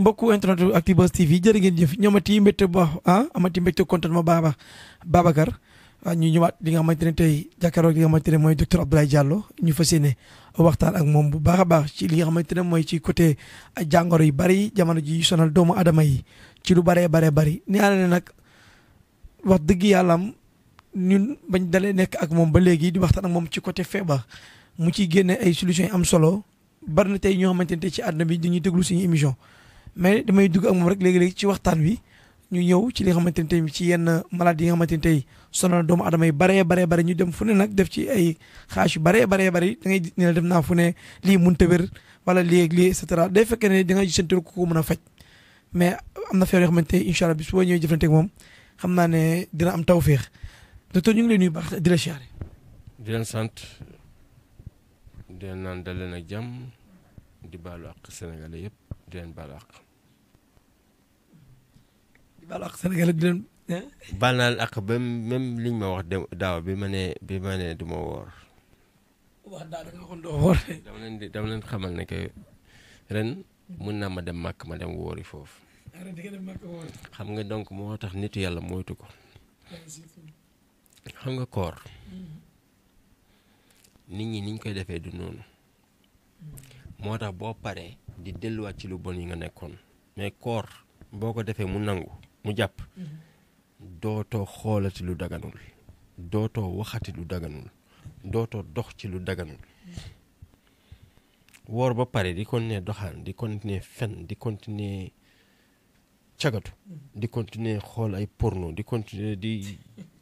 mbokku internet Actubuzz TV jërë ngeen jëf ñoomati mbégte bu baax ah amati mbégte contentement baaba Babacar ah, ñu ñëwaat li nga xamante ne tey jàkkaarloo li nga xamante ne mooy docteur Abdoulaye Diallo ñu fas yéene waxtaan ak moom bu baax a baax ci li nga xamante ne mooy ci coté jàngoro yu bari jamono ji sonal doomu adama yi ci lu baree baree bari ni na nag wax dëgg yàlla am ñun bañ dalee nekk ak moom ba léegi di waxtaan ak moom ci côté feebar mu ciy génne ay solutions am solo bari na tey ñoo xamante ne tey ci àdduna bi dañuy déglu suñu émission. mais damay dugg ak moom rek léegi-léegi ci waxtaan wi ñu ñëw ci li xamante ne tey ci yenn maladies yi nga xamante ne tey sonal doomu adama yi baree baree bare ñu dem fu ne nag def ci ay xaas yu baree baree bare da ngay ne la def naa fu ne lii mënut a wér wala lii ak lii et cetera day fekkee ne da ngay gisanteeku ku ko mën a faj mais am na feebar yoo xamante ne incha allah bis boo ñëwee jëflante moom xam naa ne dina am taw tawféex docteur ñu ngi leen nuyu baax di la siyaare. di leen sant di leen naan dal leen ak jàmm yëpp. di leen baal àq. di baal àq leen. baal naa àq liñ ma wax daaw bi ma nee bi ma nee du ma woor. dama leen xamal ne que ren mun naa ma dem màkk ma dem woori foofu. xam nga donc moo tax nit yàlla moytu ko. xam nga koor. Mm-hmm. nit ñi niñ koy defee du noonu. Mm-hmm. moo tax boo paree di delluwaat ci lu bon yi nga nekkoon mais koor boo ko defee mu nangu mu jàpp dootoo xoolati lu daganul dootoo waxati lu daganul dootoo dox ci lu daganul woor ba pare di continuer doxaan di continuer fen di continuer cagatu di continuer xool ay porno di continuer di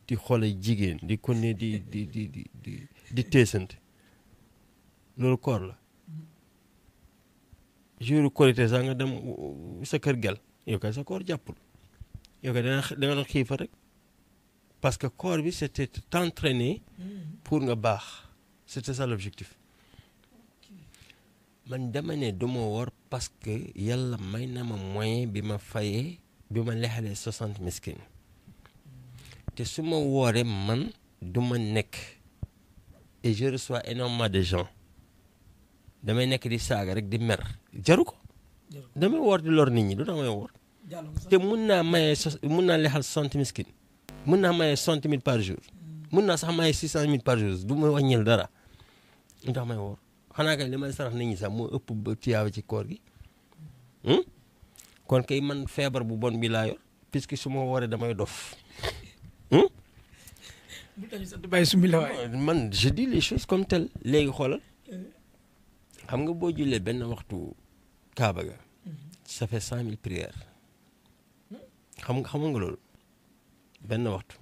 di xool ay jigéen di continuer di di di di di téesante loolu koor la jour korité sax nga dem sa kër gel yow kay sa koor jàppul yow kay danga danga doon xiifa rek parce que corps bi c'était t'entraîner mm. pour nga baax c'était ça l'objectif man dama ne duma woor parce que yàlla may na ma moyen bi ma fayee bi ma lexalee soixante miskin te su ma wooree man du ma nekk et je reçois énormément de gens damay nekk di saaga rek di mer jaru ko. damay woor di lor nit ñi du damay woor. te mun naa maye mun naa lexal soixante miskin mun naa maye soixante mille par jour. Hmm. mun naa sax maye six cent mille par jour du may wàññil dara du tax may woor xanaa kay li may sarax nit ñi sax moo ëpp ba tiyaaba ci koor gi. Hmm? kon kay man feebar bu bon bi laa yor su ma wooree damay dof. Hmm? man je dis les comme telles léegi xoolal. xam nga boo jullee benn waxtu kaaba ga ça fait cent mille prières xam nga xamul nga loolu benn waxtu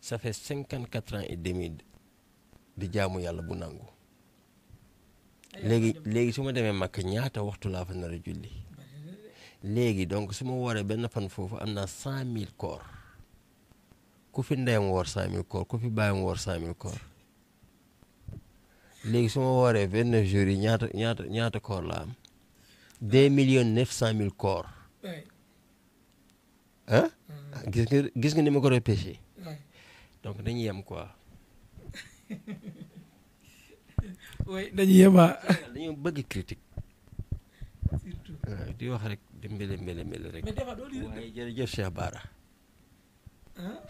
ça cinquante quatre ans et demi di jaamu yàlla bu nangu léegi léegi su ma demee Makka ñaata waxtu laa fa nar a julli léegi donc su ma wooree benn fan foofu am naa cent mille koor ku fi ndeyam woor cent mille koor ku fi bàyyam woor cent mille koor léegi su ma wooree vingt neuf jours yi ñaata ñaata ñaata koor la am deux millions neuf cent mille koor mm. ah gis nga ni ma ko repêché donc dañuy yem quoi oui dañuy yem ah. bëgg critique di wax rek di mbele mbele mbele rek waaye jërëjëf Cheikh Bara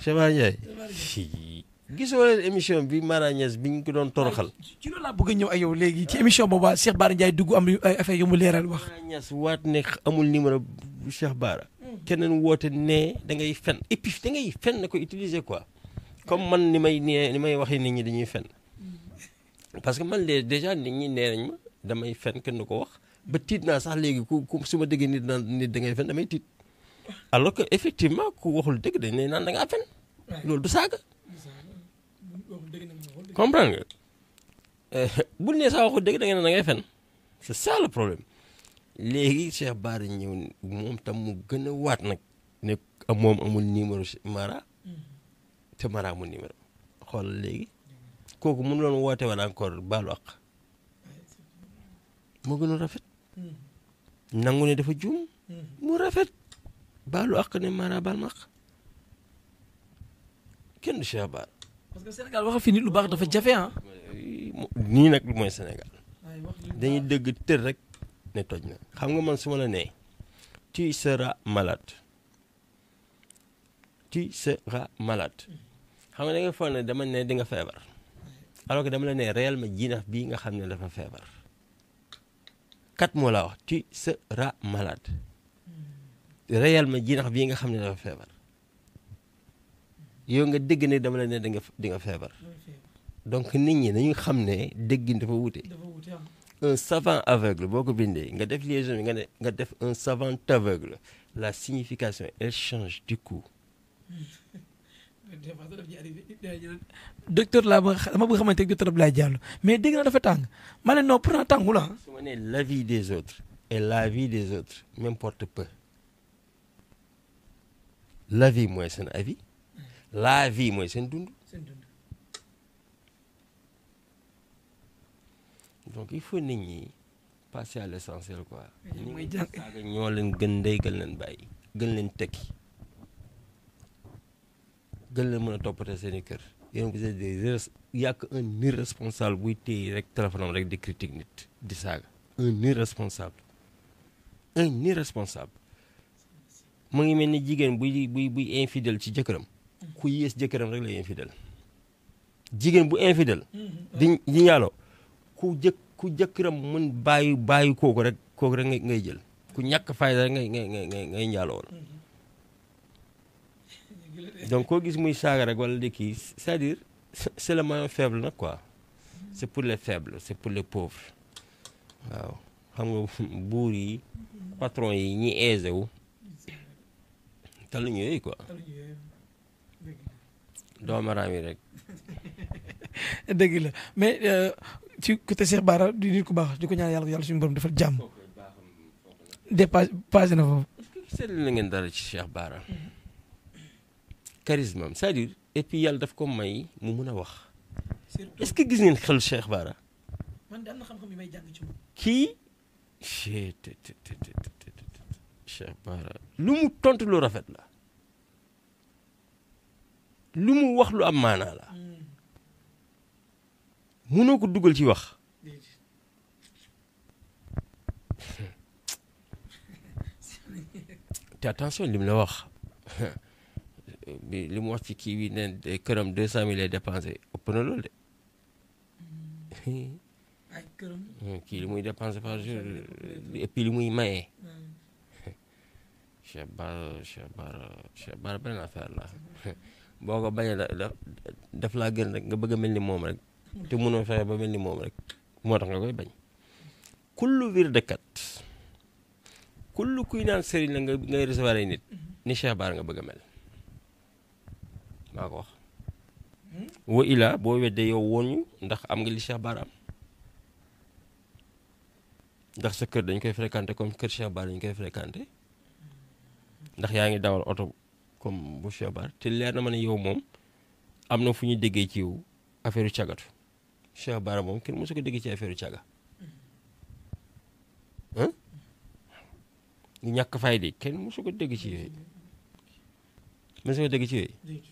Cheikh Bara Ndiaye gisoo leen émission bi Mara Niass bi ñu ko doon toroxal. Ah, ci loolu laa a ñëw ak yow léegi ci émission booba Cheikh Bara Ndiaye dugg am ay affaire yu mu wax. Mara Niass waat ne amul numéro Cheikh Bara. keneen woote nee da ngay fen et fen na ko utiliser quoi comme man ni may nee ni may waxee nit ñi dañuy fen parce que man de déjà nit ñi nee nañ ma damay fen kenn du ko wax ba tiit naa sax léegi ku ku su ma déggee nit naan nit da ngay fen damay tiit alors que effectivement ku waxul dëgg dañ ne naan da fen loolu du saaga. comprendre eh, bu buñ nee saa waxu dëgg da ngeen ne da fen c'est ça problème léegi Cheikh Bara ñëw moom tam mu gën a waat nag ne moom amul numéro Mara mm-hmm. te numéro xool léegi kooku mënu loon woote wala encore baalu àq mm-hmm. moo gën rafet mm-hmm. nangu ne dafa juum mu rafet baalu ak ne Mara baal ma àq kenn du Cheikh Bara parce que Sénégal fi nit lu baax dafa jafe ah. nii nag mooy Sénégal dañuy dëgg tër rek ne toj na xam nga man su ma la nee tu seras malade tu seras malade xam nga da nga foog ne dama ne di nga feebar alors que dama la nee ma jinax bii nga xam ne dafa feebar quatre mois laa wax ra seras malade hmm. réellement jinax bii nga xam ne dafa feebar. yow nga dégg ne dama la ne da nga di nga feebar donc nit ñi nañu xam ne déggin dafa wute ah. un savant aveugle boo ko bindee nga def liaison bi nga nga def un savant aveugle la signification elle change du coup docteur laa ba dama bëgg xamante ne docteur Abdoulaye Diallo mais dégg na dafa tàng ma ne non pourtant tàngu la ah. su ma nee la vie des autres et la vi des autres m'importe peu la vie mooy seen avis la vie mooy seen dund donc il faut nit ñi passer à l'essentiel quoi ñi saaga ñoo leen gën ndey gën leen bàyyi gën leen tekki gën leen mën a toppatee seeni kër yéen vous êtes des yàq un irresponsable buy téye rek téléphone am rek di critique nit di saaga un irresponsable un irresponsable mu ngi mel ni jigéen buy buy infidel ci jëkkëram ku yées jëkkëram rek lay infidèle jigéen bu infidèle mm-hmm. di di ñaalo ku jëkk ku bàyyi bàyyi kooku rek kooku rek ngay jël ku ñàkk fayda rek ngay ngay ngay mm-hmm. donc koo gis muy saaga rek wala di kii cest dire c'est le maillon nag quoi mm-hmm. c'est pour les faibles c'est pour les pauvres waaw xam nga buur yi patron yi ñi aisé taluñu yooyu quoi doomaraam yi rek. dëgg la mais euh, ci côté Cheikh Bara di nit ku baax di ko ñaan yàlla yàlla suñu borom defal jàmm. dépassé passé na foofu. seetlu na ngeen dara ci Cheikh Bara. charisme am cest et puis yàlla daf ko may mu mun a wax. est-ce gis ngeen xel Cheikh Bara. man de am ci moom. lu mu tontu lu rafet la. lu mu wax lu am maanaa la mënoo ko dugal ci wax te attention li la wax li mu wax ci kii bi ne këram deux cent mille lay dépensé ëpp na loolu de hmm, kii li muy dépensé par jour et puis muy maye. Hmm. boo ko bañee la daf laa gën rek nga bëgg mel ni moom rek te mënoo fexe ba mel ni moom rek moo tax nga koy bañ kullu wirdekat kullu kuy naan sëriñ la nga ngay recevoir nit ni Cheikh Bara nga bëgg a mel maa ko boo weddee yow woon ndax am nga li Cheikh Bara am ndax sa kër dañ koy fréquenté comme kër Cheikh Bara dañ koy fréquenté ndax yaa ngi dawal oto comme bu Chebar te leer na ma ne yow moom am na fu ñu déggee ci yow affaire cagatu Chebar moom kenn mosu ko déggee ci affaire caga ñàkk fay de kenn mosu ko dégg ci ko dégg ci yooyu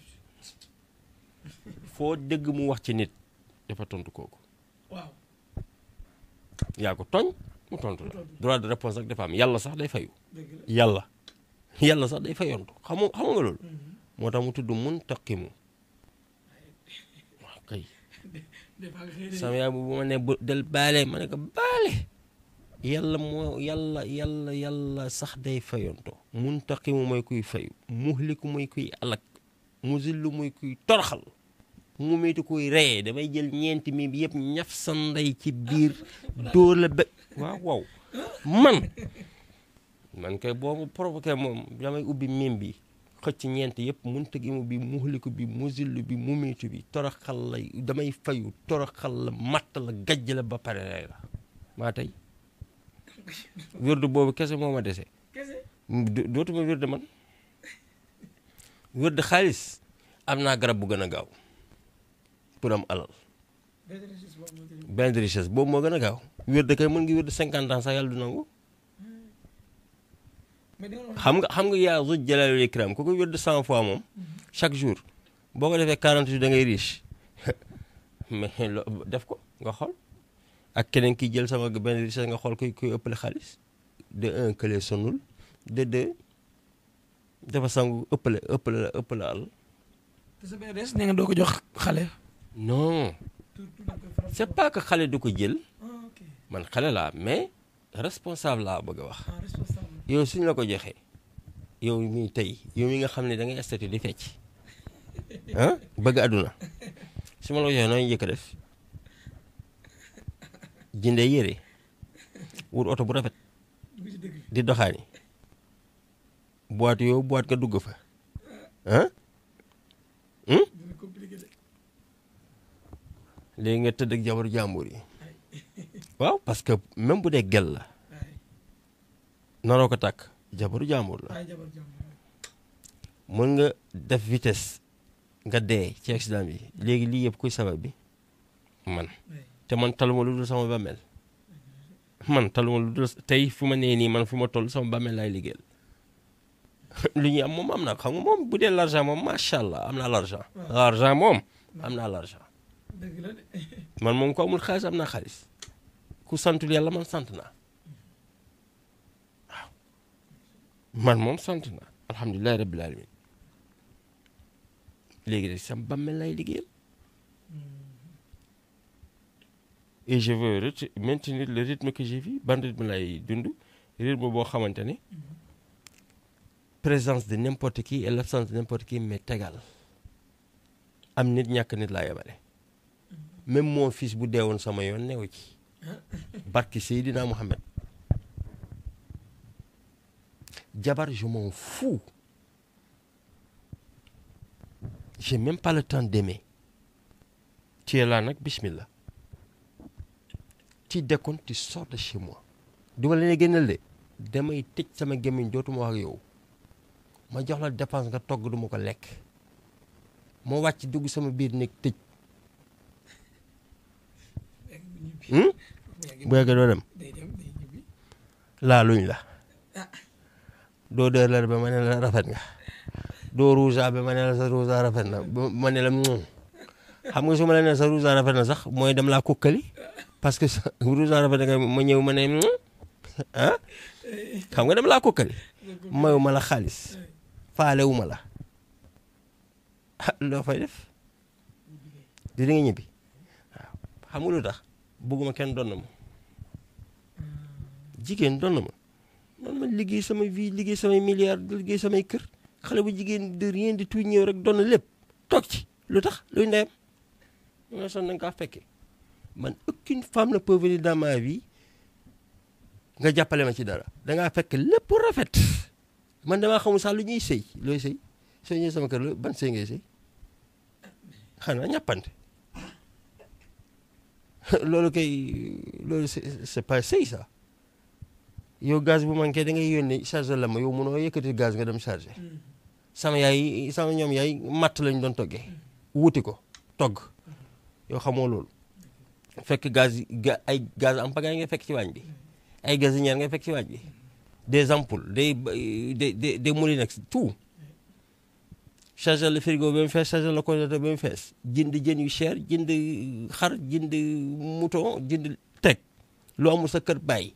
foo dégg mu wax ci nit dafa tontu kooku. waaw. yaa ko tooñ mu tontu la droit de réponse rek dafa am yàlla sax day fayu. yàlla. yàlla sax day fayantu xamu xam nga loolu. Mm-hmm. moo tax mu tudd muntaqimu. waaw kay. sama yaay bu ma sax day fayanto muntaqimu mooy kuy fayu muhliku mooy kuy alak muzillu mooy kuy torxal mu meeti kuy reyee damay jël ñeenti mii yëpp ñaf sa ndey ci biir dóor la waaw waaw man man kay boo mu moom damay ubbi mim bi xëcc ñeent yëpp muntagimu bi muxliku bi musillu bi mumitu bi toroxal la damay fayu toroxal la matt la gajj la ba pare lay la maa tey wirdu boobu kese moo ma dese dootuma wirdu man wirdu xaalis am naa garab bu gën a gaaw pour am alal benn richesse boobu moo gën a gaaw wirdu kay mën ngi wirdu cinquante sax yàlla du nangu xam nga xam nga yaa ruj jalaalul ikram ku ko wér fois moom chaque jour boo ko defee 40 jours da ngay riche def ko nga xool ak keneen ki jël sama benn richesse nga xool kuy kuy ëppale xaalis de un kële sonul de deux dafa sangu ëppale nee nga doo ko jox xale. non c'est pas que xale du ko jël ah, man xale laa mais responsable laa bëgg a wax. Ah, yow suñ la ko joxee yow mii tey yow mi nga xam ne da ngay statut di fecc ah bëgg àdduna su ma la ko joxee nooy njëkk a def jëndee yére wut oto bu rafet di doxaani boîte yow boîte nga dugg fa ah hmm? léegi nga tëdd ak jabaru jàmbur yi waaw parce que bu dee gel la naroo ko takk jabaru jàmbur la mën nga def vitesse nga dee ci accident bi léegi lii yëpp kuy sabab bi man te man taluma lu dul sama bàmmeel man taluma lu dul tey fu ma nee nii man fu ma toll sama bàmmeel laay liggéeyal lu ñuy am moom am na ko xam nga moom bu dee moom macha allah am na l'argent l'argent moom am naa l'argent man moom ko amul xaalis am na xaalis ku santul yàlla man sant naa man moom sant na alhamdulilah rabbil alamin léegi nag sam bàmmeel lay liggéeyal et je le rythme que j'ai vu ban lay dund rythme boo xamante ne présence de n'importe qui et l'absence de n'importe qui mais tegal am nit ñàkk nit laa yemale même mon fis bu deewoon sama yoon newu ci ah. barki Seydina Mohamed jabar je m'en fous j'ai même pas le temps d'aimer nag bismillah ci dekkoon tu sors de chez moi du ma de damay tëj sama gémmiñ dootuma wax ak yow ma jox la dépense nga togg duma ko lekk moo wàcc dugg sama biir nekk tëj bu hmm? yeggee doo dem laaluñ la doo dërër ba ma ne rafet nga doo rousa ba ma ne sa rousa rafet na ba ma ne la xam nga su ma la ne sa rousa rafet na sax mooy dem laa kukkali parce que sa rafet nga ma ñëw ma ne ah xam nga dem laa kukkali mayu ma la xaalis faale wu ma la ah, loo fay def di nga ñibbi waaw nga lu tax bëgguma kenn doon na man man liggéey samay vie liggéey samay milliards liggéey samay kër xale bu jigéen de rien du tout ñëw rek donn na lépp toog ci lu tax luy ndeyam mu ne son na nga kaa fekkee man aucune femme ne peut venir dans ma nga jàppale ma ci dara dangaa fekk lépp rafet man damaa xamul sax lu ñuy sëy looy sëy soo ñëwee sama kër la ban sëy ngay sëy xanaa ñàppante loolu kay loolu c'est pas sëy ça yow gaz bu manqué da ngay yónnee chargé la ma yow mënoo yëkkati gaz nga dem chargé mm. sama yaay sama ñoom yaay matt lañ doon toggee mm. wuti ko togg yow xamoo loolu fekk gaz ay gaz en pagaille nga fekk ci waañ bi mm. ay gazinière nga fekk ci waañ bi des ampoules des des des moulinex le frigo ba mu fees chargé le congélateur ba mu fees jënd jën yu cher jënd xar jënd mouton jënd teg lu amul sa kër bàyyi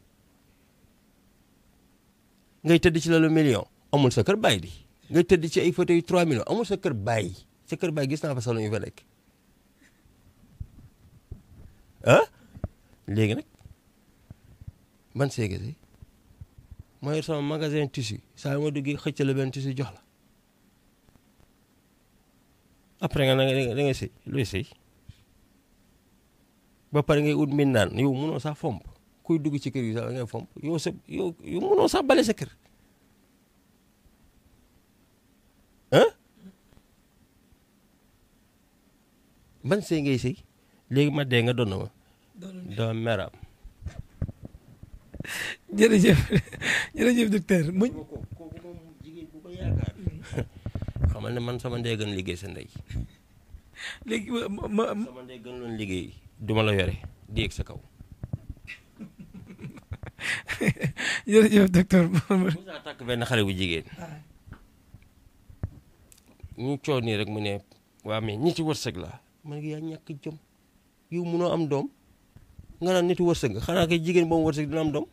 ngay tëdd ci lalu million amul sa kër bàyyi di ngay tëdd ci ay fauteuil 3 millions amul sa kër bàyyi sa kër bàyyi gis naa fa salon yu fa nekk ah léegi nag ban seege si ma yor sama magasin tissu saa yu ma duggee xëcc la benn tissu jox après nga nag da ngay sëy luy sëy ba pare ngay ut mbindaan yow munoo sax fomp. kuy dugg ci kër gi sax da ngay fomp yow sa yow yow sax bale sa kër ah ban sëy ngay sëy léegi ma dee nga doon na ma doo meraam jërëjëf jërëjëf docteur muñ kooku moom jigéen bu ko yaakaar xamal man sama ndey gën liggéey sa ndey léegi ma ma sama ndey gën loon liggéey duma la yore di yëg sa kaw jërëjëf docteur. mos naa tàkk benn xale bu jigéen. Ah. ñu coow nii rek mu ne waa mais ñi ci wërsëg la man yaa ñàkk jëm yow munoo am doom nga naan nit wërsëg xanaa kay jigéen boobu wërsëg dina am doom.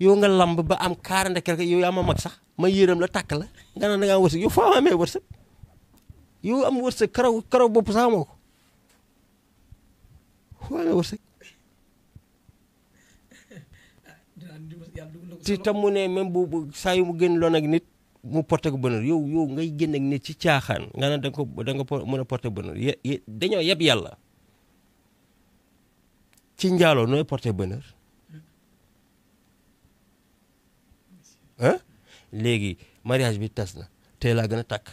yow nga lamb ba am quarante quelque yow yaa ma mag sax ma yéeram la takk la nga naan da ngaa wërsëg yow foo amee wërsëg am wërsëg karaw karaw bopp sax moo te tam mu ne même bu saa yu mu génn loon ak nit mu porté ko bonheur yow yow ngay génn ak nit ci caaxaan nga ne da nga ko da nga ko mën a porté bonheur dañoo yeb yàlla ci njaaloo nooy porté bonheur ah léegi mariage bi tas na tey laa gën a takk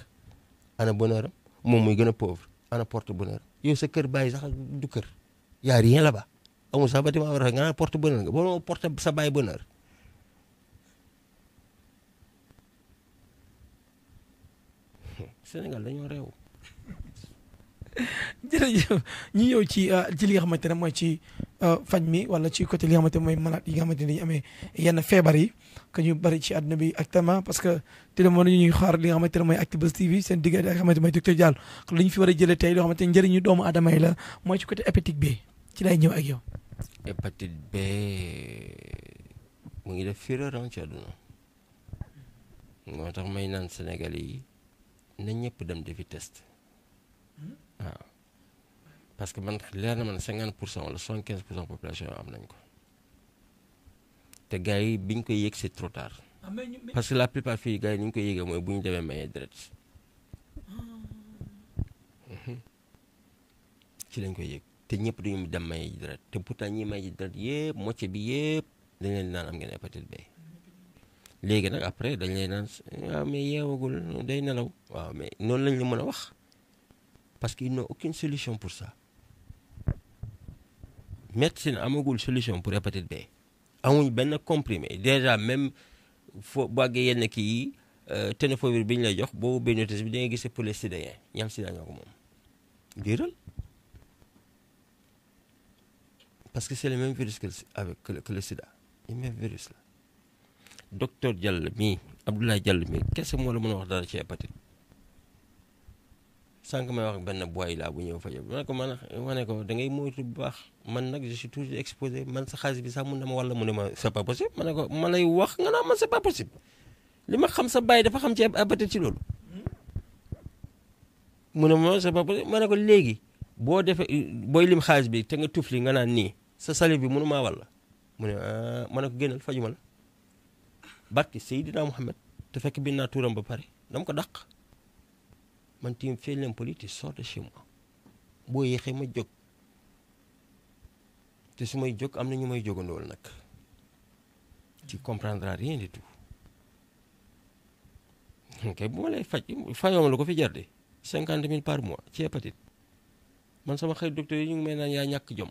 ana bonheur am moom muy gën a pauvre ana porte bonheur yow sa kër bàyyi sax du kër yaa rien là-bas amul sax bâtiment war nga naan porte sa bàyyi bonheur Sénégal dañoo réew. jërëjëf ñu ñëw ci euh, ci li nga xamante mooy ci euh, fañ mi wala ci côté li nga xamante mooy malade yi nga xamante ne dañu amee yenn feebar yi ñu bëri ci àdduna bi actuellement parce que te demoon nañu ñuy xaar li nga xamante ne mooy Actubuzz TV seen diggante ak nga xamante ne mooy ñu fi war a jëlee tey loo xamante ne njëriñu doomu aadama la mooy ci côté hépatite B ci lay ñëw ak yow. hépatite B mu ngi def fureur ah, ci àdduna moo tax may naan Sénégal yi. na ñëpp dem defi test waaw parce que man leer na man cinquante pour cent wala soixante quinze pour cent population am nañ ko te gars yi bi koy yëg c'est trop tard ah, parce que la plupart fii gars yi ni ñu koy mooy bu ñu demee maye deret ah. ci lañ koy yëg te ñëpp dañu dem maye deret te pourtant ñi may deret yëpp moitié bi yëpp dañ leen naan am ngeen hépatite B léegi nag après dañ lay naan waaw ah, mais yeewagul day nelaw waaw mais noonu lañ la mën a wax parce qu'ils n'ont aucune solution pour ça médecine amagul solution pour hépatite B amuñ benn comprimé déjà même foo bu àggee yenn kii yi euh, tenofovir bi ñu lay jox boobu bénotis bi da gisee gis pour les sidéens ñam sida ñoo ko moom biiral parce que c'est le même virus que virus la docteur Diall mii Abdoulaye Diall mii kese moo la mën a wax dara ci hépatite sànq may wax benn boy laa bu ñëw fajo ma ko man ma ko da ngay moytu bu man nag je suis toujours exposé man sa xaalis bi sax mun na ma wala mu ne ma c'est pas ma ne ko ma lay wax nga naa man li ma xam sa bàyyi dafa xam ci hépatite ci loolu ne ma c'est pas ma ne ko léegi boo defee booy lim xaalis bi te nga tufli nga naan nii sa salive bi mënu maa walla mu a ah, ma a ko génnal fajuma la barke Seydina Muhammad te fekk bind naa tuuram ba pare dam ko dàq man tiim fee leen politique sort de chez boo yéexee ma jóg te su may jóg am na ñu may jógandool nag ci comprendra rien du tout ok bu ma lay faj fayoom la ko fi jar de cinquante mille par mois ci hépatite man sama xarit docteur yi ñu may naan yaa ñàkk jom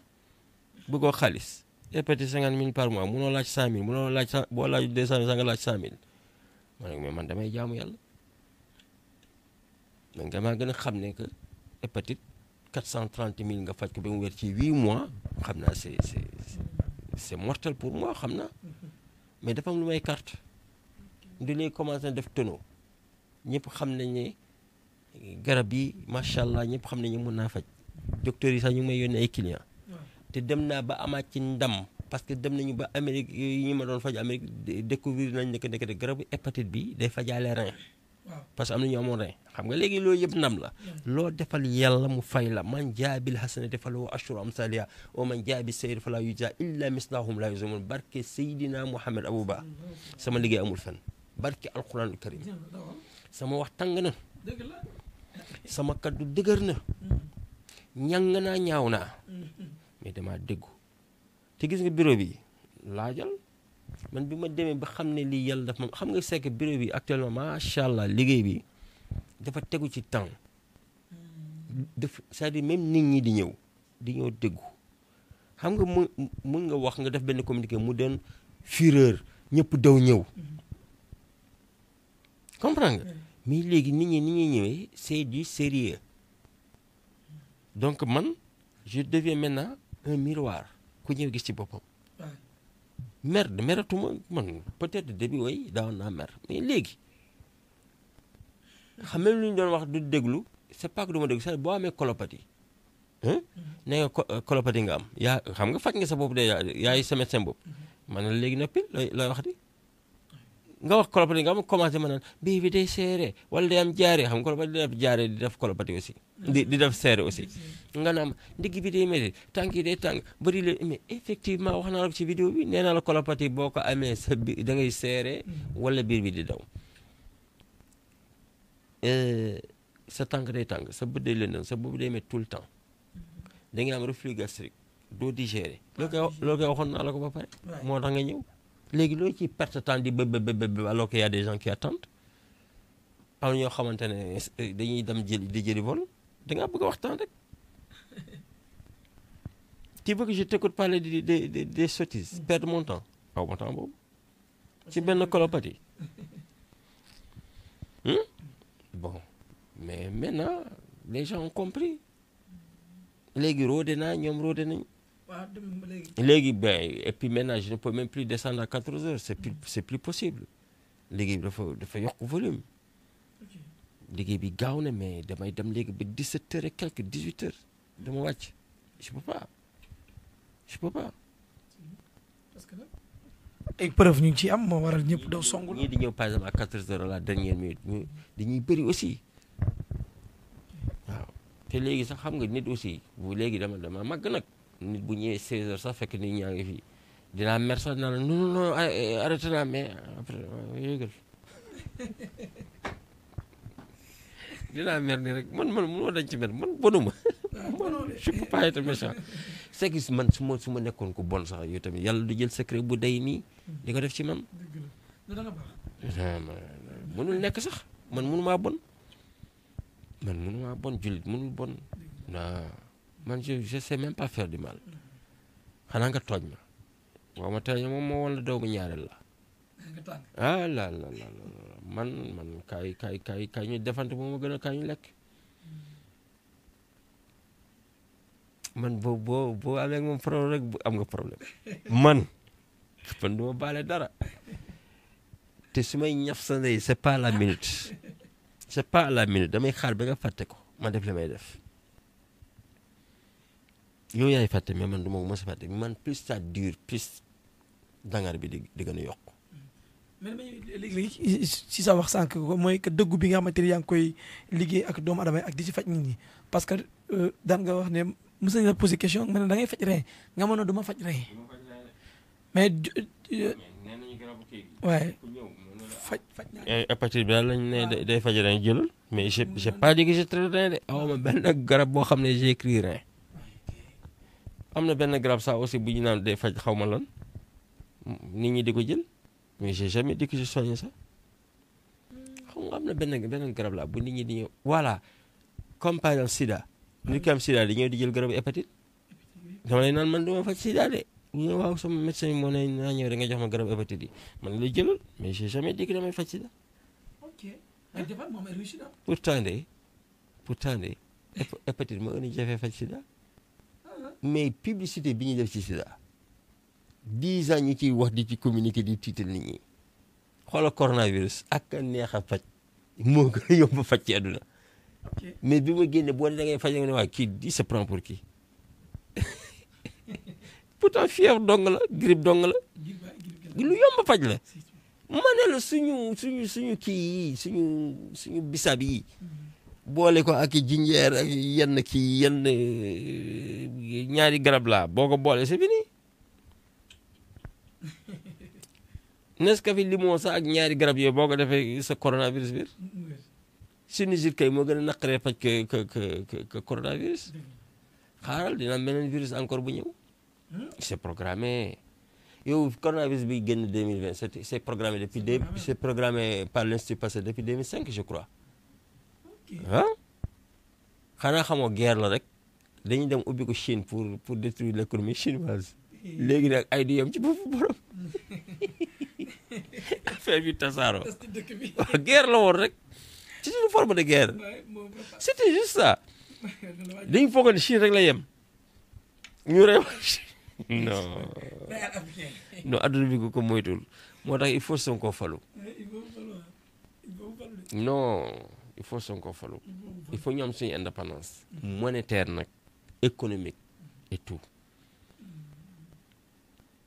bëggoo xaalis yëppati cinquante mille par mois munoo laaj cent mille munoo laaj cent boo laaj deux cent man damay jaamu yàlla man damaa gën a xam ne que hépatite quatre cent trente mille nga faj ko ba mu wér ci huit mois xam naa c'est c'est c'est mortel pour moi xam naa mais dafa am lu may carte du lay commencé def tono ñëpp xam nañ ne garab yi macha allah ñëpp xam nañ ne mën naa faj docteur yi sax ñu ngi may yónnee ay clients. te dem naa ba amaat ci ndam parce que dem nañu ba Amérique yi ñu ma doon faj Amérique découvrir nañ ne que ne garabu hépatite bi day fajaale rein. parce que am na amoon rein xam nga léegi loolu yëpp ndam la. Hmm. loo defal yàlla mu fay la man jaabil hasanati fa lahu ashru amsaliha wa man jaabi sayyi'ati fa laa yujzaa illa mislahum laa yuzamun barke Seydina Mouhamed Abouba sama liggéey amul fen barke alquran karim sama wax tàng na. sama kaddu dëgër na. Hmm. ñàng naa ñaaw naa. Hmm. mais damaa déggu te gis nga bureau bi laajal man bi ma demee ba xam ne lii yàlla daf ma xam nga sekk bureau bi actuellement macha allah liggéey bi dafa tegu ci temps daf c'est-à-dire même nit ñi di ñëw di ñëw déggu xam nga mu mun nga wax nga def benn communiqué mu doon fureur ñëpp daw ñëw comprendre nga mais léegi nit ñi ni ñuy ñëwee c'est du sérieux donc man je deviens maintenant un miroir ku ñëw gis ci boppam. mer meratuma man peut-être début way daawoon naa mer mais léegi xam nga lu ñu doon wax du déglu c'est pas que du sax boo amee colopathie. Mm-hmm. nee euh, nga colopathie nga am yaa xam nga faj nga sa bopp de yaay sa médecin bopp. Mm-hmm. man léegi noppi looy looy nga wax kolopati nga ma commencé ma naan bii bi day seere wala day am jaare xam kolopati di def jaare di def kolopati aussi di di def seere aussi nga naam ndigg bi day métti tànk yi day tànk bëri leen wax naa la ko bi nee naa la kolopati boo ko amee sa da ngay seere wala biir bi di daw euh, sa tànk day tànk sa bët day lëndëm sa boobu day métti tout temps da ngay am reflux gastrique doo digérer loolu koy waxoon naa la ba pare moo tax nga ñëw léegi looy ci perte temps di bëb bëb bëb alors qu'il y a des gens qui attendent am ñoo xamante ne eh, dañuy dem jëli di jëli vol da bëgg a waxtaan rek tu veux que je t'écoute parler des des des des sottises perdre mon aw ma boobu ci benn colopathie hmm? bon mais maintenant les roode naa ñoom roode nañu. léegi ben et menage maintenant je ne peux même plus descendre à 14 heures c'est plus c'est plus possible liggéey bi dafa dafa yokk volume liggéey bi gaaw na mais damay dem léegi ba 17 heures et quelques 18 heures dama wàcc je peux pas je peux pas. parce que nag ay ñu ngi ciy am moo waral ñëpp daw song. ñii di ñëw par exemple à 14 heures à la dernière minute bëri aussi waaw léegi sax xam nga nit aussi bu léegi dama dama màgg nag. nit bu ñëwee 16h sax fekk nit ñaa ngi fi dinaa mer sax naa la non non arrêté naa mais dinaa mer ni rek man man mënoo dañ ci mer man bonuma ah, man je peux pas nekkoon ku bon sax yow tamit yàlla jël secret bu day nii di def ci man nekk sax man mënumaa bon man mënumaa bon jullit mënul bon waaw man je je sais même pas faire du mal xanaa nga tooñ ma waaw ma tooñ moom moo wala doomu ñaareel ah, la. la la la man man kaay kaay kaay kaay defante moom ma gën a kaay lekk man boo boo boo amee rek am nga problème man man du ma baale dara te su may ñaf sa ndey c'est pas la minute c'est pas la minute damay xaar ba nga fàtte ko ma def li may def. yow yaay fàtte mais man du ma mos a fàtte man plus ça bi di di gën si sa wax sànq mooy que dëggu nga xamante yaa ngi koy liggéey ak doomu adama ak di ci faj nit parce que euh, daan nga wax ne mos nañ la question ma ne da ngay faj nga mën a du faj rey waaye euh, ah. faj faj bi daal eh, lañ day faj rey jëlul mais j'ai j'ai ma benn garab boo xam ne j'ai écrit rey. am na benn garab sax aussi bu ñu naan day faj xaw ma lan nit ñi di ko jël mais j'ai jamais dit que je soigne ça am na benn benn garab la bu nit ñi di ñëw voilà comme par exemple sida ah. nit ki am sida di ñëw di jël garabu hépatite dama lay naan man duma faj sida de ñu waaw moo ne naa ñëw rek nga jox ma garab hépatite yi man la jëlal mais j'ai jamais dit que damay faj sida pourtant de pourtant de hépatite moo gën a jafe faj sida mais publicité bi ñu def ci sida dix ans ñi ciy wax di ci communiquer di tiital ni ñi xoolal coronavirus ak neex a faj moo gën a yomb faj ci àdduna mais bi ma génne boo da ngay faj ne waa kii di se prend pour ki pourtant fièvre dong la grippe dong la lu yomb faj la ma ne la suñu suñu suñu kii yi suñu suñu bisaab yi mm-hmm. boole ko ak jinjeer ak yenn kii yenn eh, ñaari garab laa boo ko boole c'est fini Nescafé limon sa ak ñaari garab yooyu boo ko defee sa coronavirus biir sinusite kay moo gën a naqaree faj que que que que coronavirus xaaral dina am virus encore bu ñëw c'est hmm? programmé yow coronavirus bi génn 2020 c'est programmé depuis c'est programmé par l'Institut Pasteur depuis 2005 je crois ah xanaa xamoo guerre la rek dañuy dem ubbi ko Chine pour pour détruire l'économie chinoise léegi nag ay du yem ci boobu borom affaire bi tasaaroo guerre la woon rek c'est une forme de guerre c'était dañu foog ne Chine rek la yem ñu rew non non ko ko moytul moo tax il faut Sonko falu non il faut Sonko falu il faut ñu am suñu indépendance nag économique et tout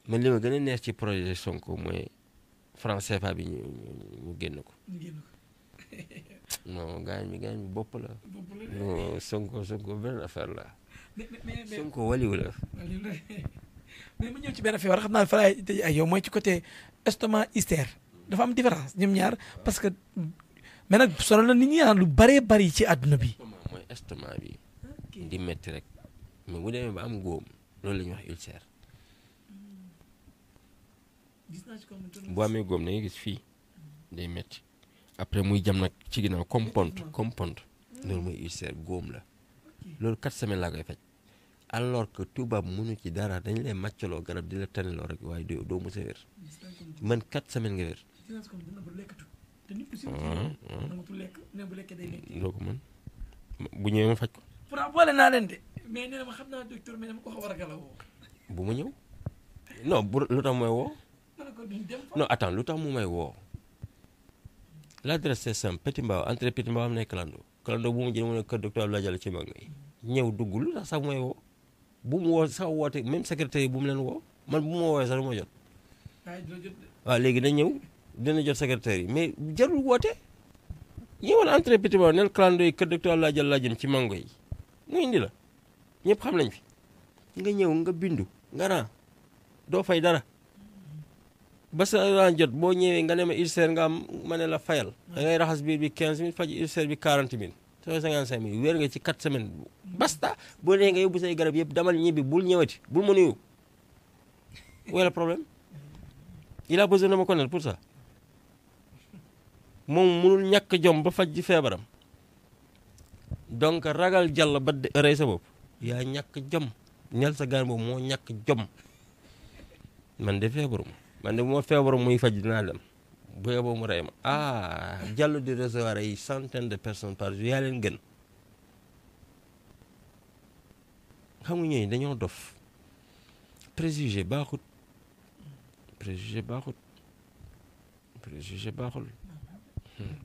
gën a neex ci projet Sonko mooy franc CFA bi ñu ñu génn ko non gaañ mi gaañ Sonko Sonko benn affaire la Sonko waliw la ma ñëw ci benn feebar xam naa fa laay tëj ak yow mooy ci côté estomac hystère dafa am différence ñoom ñaar parce que mais nag sonal na nit ñi ah, lu bëree bëri ci àdduna bi. mooy estomac bi di métti rek mais bu demee ba am góom loolu la ñuy wax ulcère. boo amee góom da ngay gis fii day métti après muy jam nag ci ginnaaw comme pont comme pont loolu mooy ulcère góom la loolu quatre semaines laa koy faj alors que tubaab mënu ci dara dañu lay màccaloo garab di la taneloo rek waaye doo doo mos a wér man quatre semaines nga wér. te mm-hmm. Mm-hmm. bu lekkee day lekk. ko mën bu ñëwee ma faj ko. naa leen mais xam naa bu mu ñëw non bu lu tax may woo. non attends lu tax mu may woo. l'adresse c'est simple Petit Mbao entrée Petit Mbao am na Kalando Kalando bu mu jëlee mu ne kër docteur Abdoulaye Diallo ci mag mi ñëw dugg lu tax sax may woo bu mu woo sax woote même secrétaire yi bu mu leen woo man bu ma woowee sax du jot. waaw léegi na ñëw. dina jot secrétaire yi mais jarul woote ñi war a entré pétition clando yi kër docteur laa jël laa jëm ci mango yi mu indi la ñëpp xam nañ fi nga ñëw nga bindu nga ran doo fay dara ba sa ran jot boo ñëwee nga ne ma ulcère nga am ma ne la fayal raxas biir bi 15 mille faj ulcère bi mille 55 mille weer nga ci 4 semaines basta boo nee nga yóbbu say garab yëpp damal ñibbi bul ñëwati bul ma nuyu wala problème il a besoin de me connaître pour ça moom munul ñàkk jom ba faj ci feebaram donc ragal jàll ba rey sa bopp yaa ñàkk jom ñel sa gaan boobu moo ñàkk jom man de feebaruma man moo feebaru muy faj dinaa dem bu yeboo mu rey ma ah jàll di recevoir ay centaine de personnes par jour yaa leen gën xam nga ñooñu dañoo dof préjugé baaxut préjugé baaxut baaxul Hmm.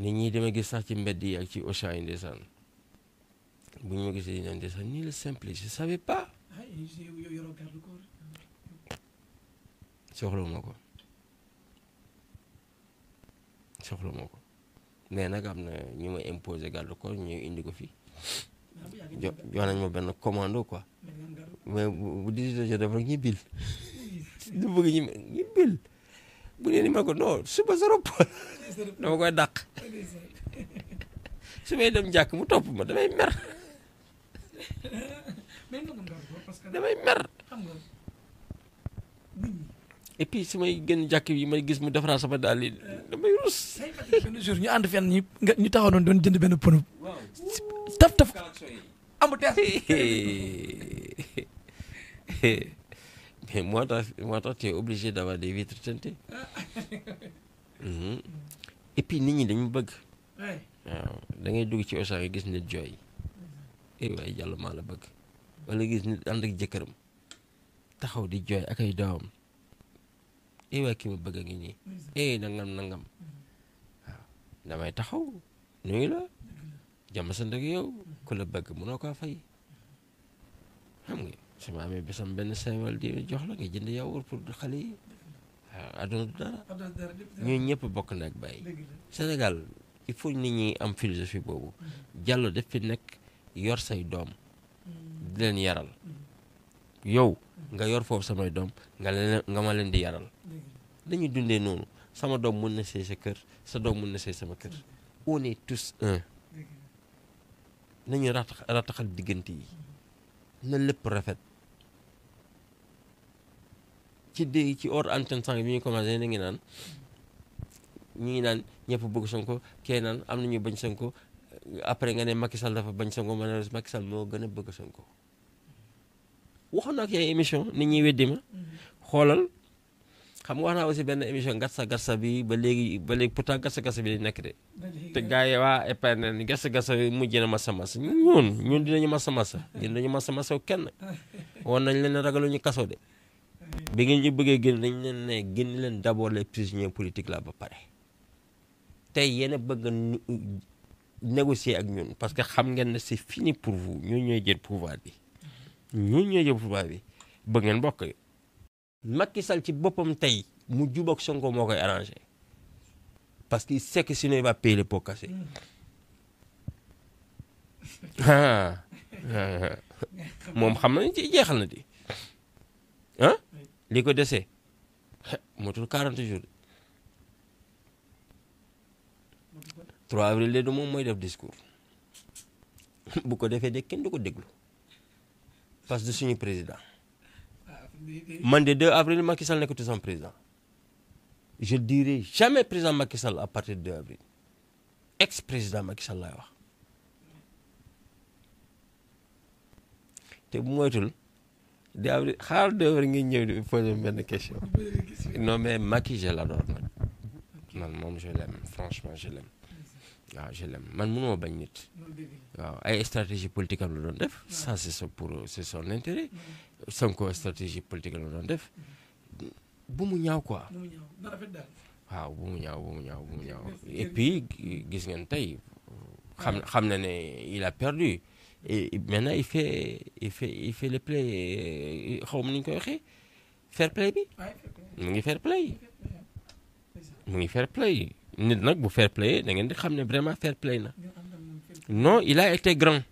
nit ñi dama gis sax ci mbedd yi ak ci Auchan yi ndeysaan bu ñu ma gisee ñu naan ndeysaan nii la simple je savais pas ah, soxlawu ma ko soxlawu ma ko mais nag am na ñu ma imposé garde corps ñu indi ko fii ah, jo jox nañ ma benn commando quoi mais bu bu 18 heures dafa rek ñibbil du bëgg ñibbil. bu dee ni ma ko non suba sa ropp dama koy dàq su may dem jàkk mu topp ma damay mer damay mer et puis su may génn jàkk bi may gis mu defaraat sama daal yi damay rus. ñu ànd fenn ñu taxaw noonu doon jënd benn pono. taf taf amul tey. mais moo tax moo tax tu es obligé d'avoir des vitres teintées mhm. nit ñi dañu bëgg waaw da dugg ci Auchan gis nit jooy eh waaye maa la bëgg wala gis nit ànd ak jëkkëram taxaw di jooy ak ay eh bëgg a ngi nii eh nangam mhm. waaw damay taxaw nuyu la jàmm sant yow mhm. ku la bëgg mënoo koo fay xam nga. su amee bésam benn cinq wala jox la nga jënd yawur pour xale yi waaw adduna du dara ñun ñëpp bokk na ak bàyyi Sénégal il faut ni ñi am philosophie boobu Diallo mm-hmm. def fi nekk yor say doom mm-hmm. di leen yaral mm-hmm. yow nga yor foofu samay doom nga leen nga ma leen di yaral dañuy dundee noonu sama doom mën na sëy sa kër sa doom mën na sëy sama kër on est tous un nañu ratax rataxal diggante yi na lépp rafet ci dé ci hors antenne sànq bi ñu commencé na ngi naan ñu ngi naan ñëpp bëgg Sonko kee naan am na ñu bañ Sonko après nga ne Macky Sall dafa bañ Sonko ma ne Macky moo gën a bëgg Sonko waxoon naa ak yaay émission nit ñi weddi ma mm-hmm. xoolal xam nga wax naa aussi benn émission gatsa gatsa bi ba léegi ba léegi pourtant gatsa bi lañ nekk de. te gars yi waa EPN gatsa gatsa bi mujj na masa masa ñun ñun dinañu masa masa ñun dañu masa masa kenn woon nañ leen ragalu ñu kaso de. bi ngeen ñu bëggee génn dañ leen ne génn leen d' abord les prisonniers politiques la ba pare tey yéen a bëgg négocier ak ñun parce que xam ngeen ne c' est fini pour vous ñoo ñooy jël bi ñu ñooy jël pouvoir bi bëgg ngeen bokk. Macky sal ci boppam tey mu jub Sonko moo koy arrangé parce qu'il sait que sinon il va payer moom xam nañ ci jeexal na di li ko desee motul 40 jours 3 avril léegi moom mooy def discours bu ko defee de kenn du ko déglu parce que suñu président man de 2 avril Macky Sall nekkatu sama président je dirai jamais président Macky Sall à partir de 2 avril ex président Macky Sall wax te bu moytul de avril xaar 2 avril ngi ñëw di poser benn question non mais Macky je l'adore man man moom je man mënuma bañ nit waaw ay stratégie politique la doon def ça c'est ça pour c'est son intérêt Sonko stratégie politique la doon def bu mu ñaaw quoi. waaw bu mu ñaaw bu mu ñaaw bu mu ñaaw et puis gis ngeen tey xam xam na ne il a perdu et maintenant il fait il fait le play euh, xaw ma ni koy waxee mu ngi fair play mu ngi fair play nit nag bu fair play da ngeen xam ne vraiment fair play na non il a été grand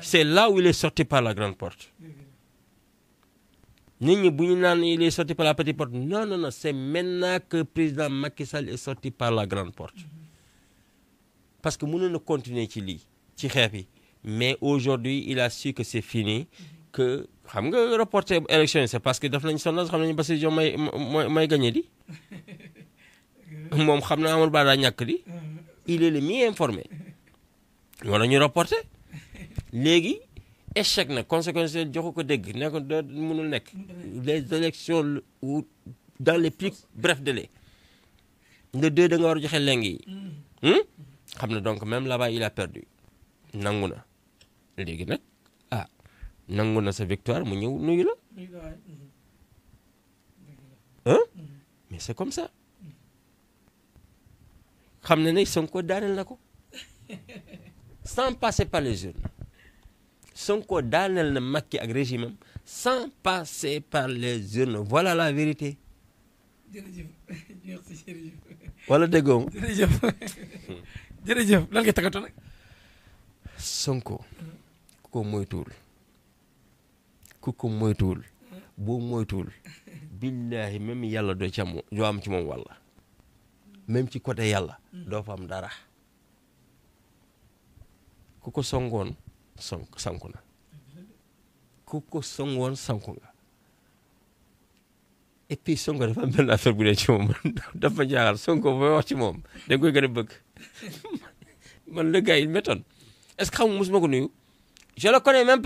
c'est là où il est sorti par la grande porte nit ñi bu ñu naan il est sorti par la petite porte non non non c'est maintenant que président Macky Sall est sorti par la grande port parce que mënoon na continuer ci lii ci xeex yi mais aujourd'hui il a su que c'est fini que xam nga reporter élection yi c'est parce que daf nañ sondage xam nañu Bassirou Diomaye may mooy gagné di moom xam naa amul baa daa ñàkk di il est le mieux informé war nañu reporter léegi. échec nag conséquence joxu ko dégg ne ko doo nekk les élections dans les plus brefs délais le deux danga war a joxe leng yi hmm? xam na donc même la ba il a perdu nangu na léegi nag ah, nangu na sa victoire mu ñëw nuyu la ah mais c'est comme ça xam na ne Sonko daaneel na ko sans passer par les urnes Sonko daaneel na Macky ak régime am sans passer par les urnes voilà la vérité. wala déggoo ma Sonko. ku ko moytuwul. ku moytuwul. boo moytuwul. billaahi même yàlla doo ci am doo am ci moom walla. même ci côté yàlla. Mm. doo fa dara. ku ko songoon. sonk sanku na ku ko songoon sonko dafa am benn affaire ma jaaxal sonko wax ci moom da koy gën a bëgg man le gars il est-ce que xam nga mosuma ko nuyu je le connais même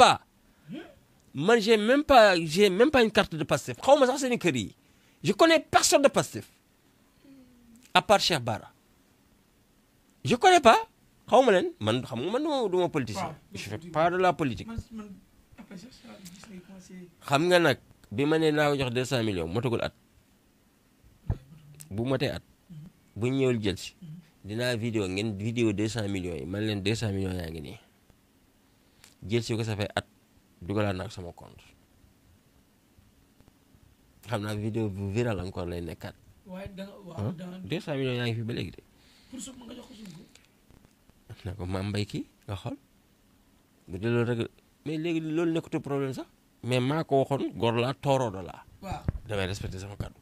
man j'ai même pas j'ai même pas une carte de Pastef xaw ma sax seeni kër yi je connais personne de Pastef à part Cheikh Bara je connais pas xaw ma leen man xam nga man du ma politicien. je fais pas de la politique. xam nga nag bi ma ne naa ko jox 200 millions motagul at bu motee at mhm. bu ñëwul jël si mhm. dinaa vidéo ngeen vidéo 200 millions yi man leen 200 millions yaa ngi nii jël si ko ça at dugalaat naa sama compte xam naa vidéo bu viral encore lay nekkaat. waaye 200 millions yaa ngi fi ba léegi de. ne ko maam mbay ki nga xool bu dee loolu rek mais léegi loolu nekkatu problème sax mais maa ko waxoon gor laa tooroodo laa. waaw damay respecté sama kàddu.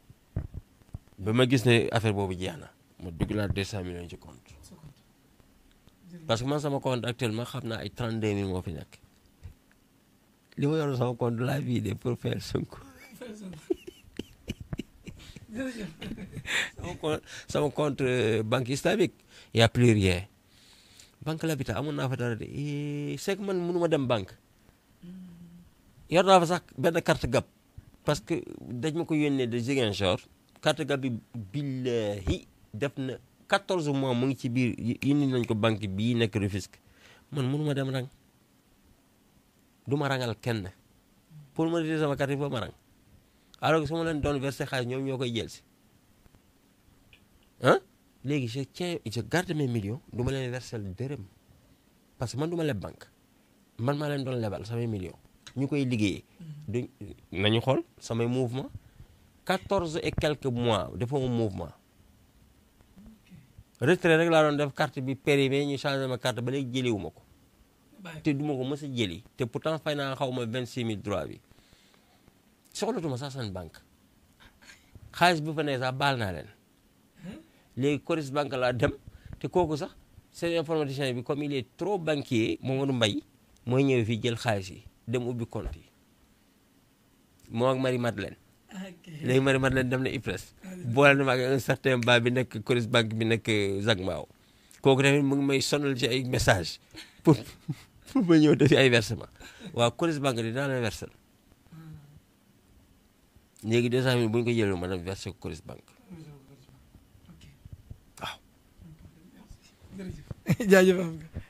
ba ma gis ne affaire boobu jeex na ma duggalaat deux cent millions ci compte. parce que man sama compte actuellement xam naa ay trente deux mille moo fi nekk. li ma yoroon sama compte laa vidé pour faire Sonko. banque la l'habitat amoon naa fa dara de eh, c'est man mënu dem banque yor naa fa sax benn carte gab parce que dañ ma ko yónnee de Ziguinchor carte gab bi billahi def na 14 mois mu ngi ci biir yónni nañ ko banque bii nekk Rufisque man mënu ma dem rang du ma rangal kenn pour ma retirer sama carte yi ba ma rang alors que su ma leen doon versé xaalis ñoom ñoo koy jël si léegi je tiens je garde mes millions du ma leen versel dërëm parce que man duma ma leb banque man maa leen doon lebal samay millions ñu koy liggéeyee. Mm-hmm. du nañu xool samay mouvement quatorze et quelques mois dafa am mouvement. retrait rek laa doon def carte bi périmé ñu changé ma carte ba léegi jëliwu ma ko. te du ma ko mës a jëli. te pourtant fay naa xaw ma vingt six mille droit bi soxlatuma sax seen banque xaalis bu fa ne saa baal naa leen. léegi Coris banque laa dem te kooku sax seen informaticien bi comme il est trop banquier Mamadou Mbaye mooy ñëw fii jël xaalis yi dem ubbi compte yi moo ak Marie Madeleine léegi Marie Madeleine dem na IPRES boole na ma ak un certain ba bi nekk Coris banque bi nekk Zac Mbao kooku tamit mu ngi may sonal ci ay message pour pour ma ñëw defi ay ma waaw Coris banque di dinaa la versel hmm. léegi 200000 bu ñu ko jëlee ma dem versé ko Coris banque jaajëf am